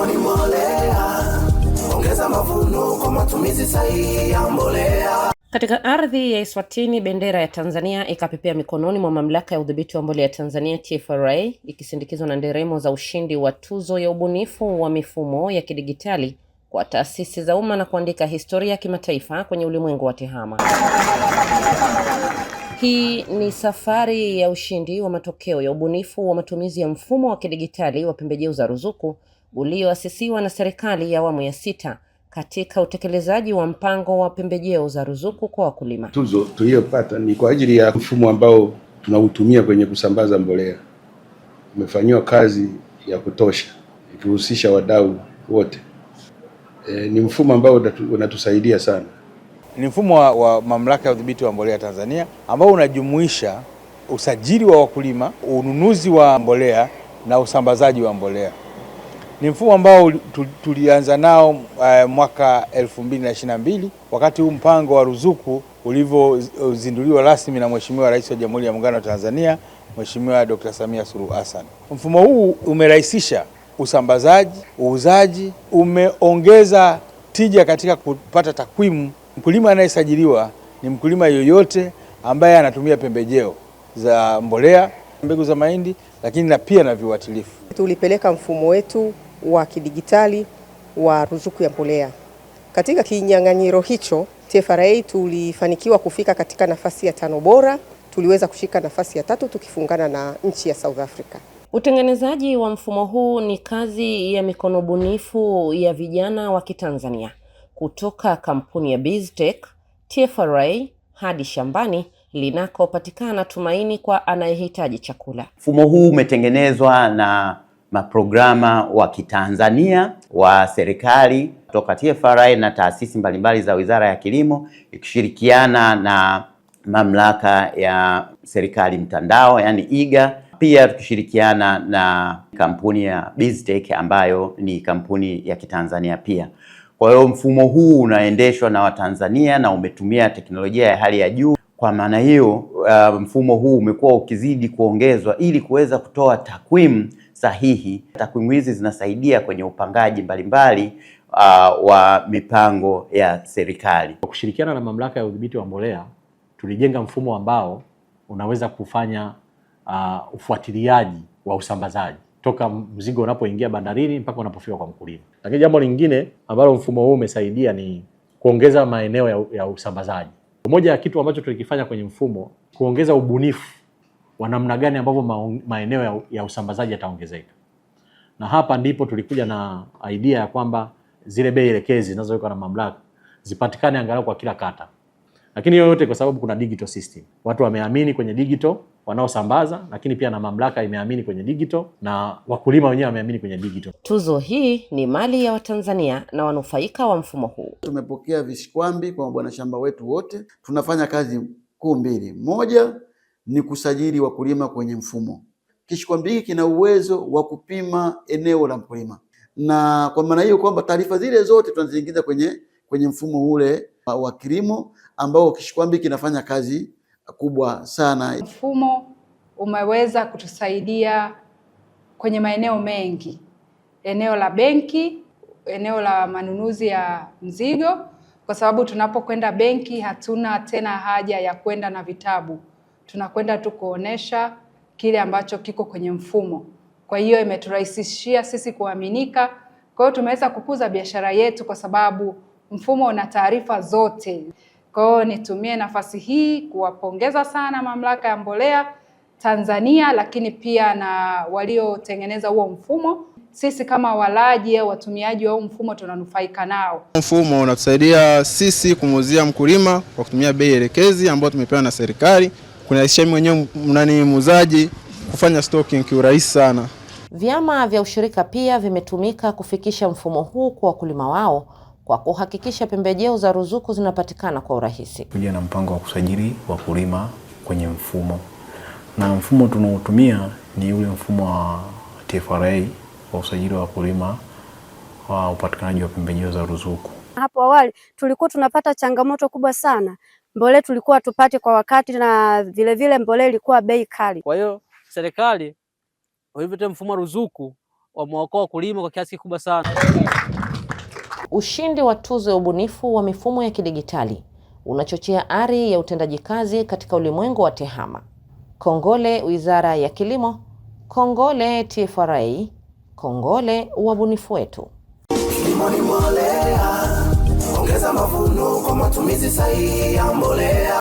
mdomoni mbolea, ongeza mavuno kwa matumizi sahihi ya mbolea. Katika ardhi ya Eswatini, bendera ya Tanzania ikapepea mikononi mwa Mamlaka ya Udhibiti wa Mbolea Tanzania TFRA, ikisindikizwa na nderemo za ushindi wa tuzo ya ubunifu wa mifumo ya kidigitali kwa taasisi za umma na kuandika historia ya kimataifa kwenye ulimwengu wa tehama. Hii ni safari ya ushindi wa matokeo ya ubunifu wa matumizi ya mfumo wa kidigitali wa pembejeo za ruzuku ulioasisiwa na serikali ya awamu ya sita katika utekelezaji wa mpango wa pembejeo za ruzuku kwa wakulima. Tuzo tuliyopata ni kwa ajili ya mfumo ambao tunautumia kwenye kusambaza mbolea, umefanyiwa kazi ya kutosha ikihusisha wadau wote. E, ni mfumo ambao unatusaidia sana. Ni mfumo wa, wa Mamlaka ya Udhibiti wa Mbolea Tanzania ambao unajumuisha usajili wa wakulima, ununuzi wa mbolea na usambazaji wa mbolea. Ni mfumo ambao tulianza nao uh, mwaka 2022 wakati huu mpango wa ruzuku ulivyozinduliwa rasmi na Mheshimiwa Rais wa Jamhuri ya Muungano wa Tanzania, Mheshimiwa Dr. Samia Suluhu Hassan. Mfumo huu umerahisisha usambazaji, uuzaji, umeongeza tija katika kupata takwimu. Mkulima anayesajiliwa ni mkulima yoyote ambaye anatumia pembejeo za mbolea, mbegu za mahindi, lakini na pia na viuatilifu. Tulipeleka mfumo wetu wa kidigitali wa ruzuku ya mbolea. Katika kinyang'anyiro hicho TFRA tulifanikiwa kufika katika nafasi ya tano bora, tuliweza kushika nafasi ya tatu tukifungana na nchi ya South Africa. Utengenezaji wa mfumo huu ni kazi ya mikono bunifu ya vijana wa Kitanzania kutoka kampuni ya BizTech TFRA hadi shambani linakopatikana tumaini kwa anayehitaji chakula. Mfumo huu umetengenezwa na maprograma wa kitanzania wa serikali kutoka TFRA na taasisi mbalimbali za Wizara ya Kilimo ikishirikiana na mamlaka ya serikali mtandao, yani IGA, pia tukishirikiana na kampuni ya BizTech ambayo ni kampuni ya kitanzania pia. Kwa hiyo mfumo huu unaendeshwa na Watanzania na umetumia teknolojia ya hali ya juu. Kwa maana hiyo, uh, mfumo huu umekuwa ukizidi kuongezwa ili kuweza kutoa takwimu sahihi. Takwimu hizi zinasaidia kwenye upangaji mbalimbali uh, wa mipango ya serikali. Kwa kushirikiana na Mamlaka ya Udhibiti wa Mbolea tulijenga mfumo ambao unaweza kufanya uh, ufuatiliaji wa usambazaji toka mzigo unapoingia bandarini mpaka unapofika kwa mkulima. Lakini jambo lingine ambalo mfumo huu umesaidia ni kuongeza maeneo ya, ya usambazaji. Moja ya kitu ambacho tulikifanya kwenye mfumo kuongeza ubunifu wa namna gani ambavyo maeneo ya, ya usambazaji yataongezeka, na hapa ndipo tulikuja na idea ya kwamba zile bei elekezi zinazowekwa na mamlaka zipatikane angalau kwa kila kata, lakini hiyo yote kwa sababu kuna digital system. Watu wameamini kwenye digital wanaosambaza lakini pia na mamlaka imeamini kwenye digital na wakulima wenyewe wameamini kwenye digital. Tuzo hii ni mali ya Watanzania na wanufaika wa mfumo huu. Tumepokea vishikwambi kwa bwana shamba wetu wote. Tunafanya kazi kuu mbili, moja ni kusajili wakulima kwenye mfumo. Kishikwambi hiki kina uwezo wa kupima eneo la mkulima, na kwa maana hiyo kwamba taarifa zile zote tunaziingiza kwenye kwenye mfumo ule wa kilimo ambao kishikwambi kinafanya kazi kubwa sana. Mfumo umeweza kutusaidia kwenye maeneo mengi, eneo la benki, eneo la manunuzi ya mzigo, kwa sababu tunapokwenda benki hatuna tena haja ya kwenda na vitabu, tunakwenda tu kuonesha kile ambacho kiko kwenye mfumo. Kwa hiyo imeturahisishia sisi kuaminika. Kwa hiyo tumeweza kukuza biashara yetu kwa sababu mfumo una taarifa zote. Kwa hiyo nitumie nafasi hii kuwapongeza sana mamlaka ya mbolea Tanzania, lakini pia na waliotengeneza huo mfumo. Sisi kama walaji au watumiaji wa huo mfumo tunanufaika nao. Mfumo unatusaidia sisi kumuuzia mkulima kwa kutumia bei elekezi ambayo tumepewa na serikali, kunarahisisha mwenyewe nani muuzaji kufanya stocking kiurahisi sana. Vyama vya ushirika pia vimetumika kufikisha mfumo huu kwa wakulima wao kwa kuhakikisha pembejeo za ruzuku zinapatikana kwa urahisi. Kuja na mpango wa kusajili wakulima kwenye mfumo, na mfumo tunaotumia ni ule mfumo wa TFRA wa usajili wa wakulima wa upatikanaji wa pembejeo za ruzuku. Hapo awali tulikuwa tunapata changamoto kubwa sana, mbolea tulikuwa hatupate kwa wakati, na vilevile mbolea ilikuwa bei kali. Kwa hiyo serikali walivyotoa mfumo wa ruzuku wameokoa wakulima kwa kiasi kikubwa sana. Ushindi wa tuzo ya ubunifu wa mifumo ya kidigitali unachochea ari ya utendaji kazi katika ulimwengu wa tehama. Kongole Wizara ya Kilimo, kongole TFRA, kongole wabunifu wetu. Kilimo ni mbolea, ongeza mavuno kwa matumizi sahihi ya mbolea.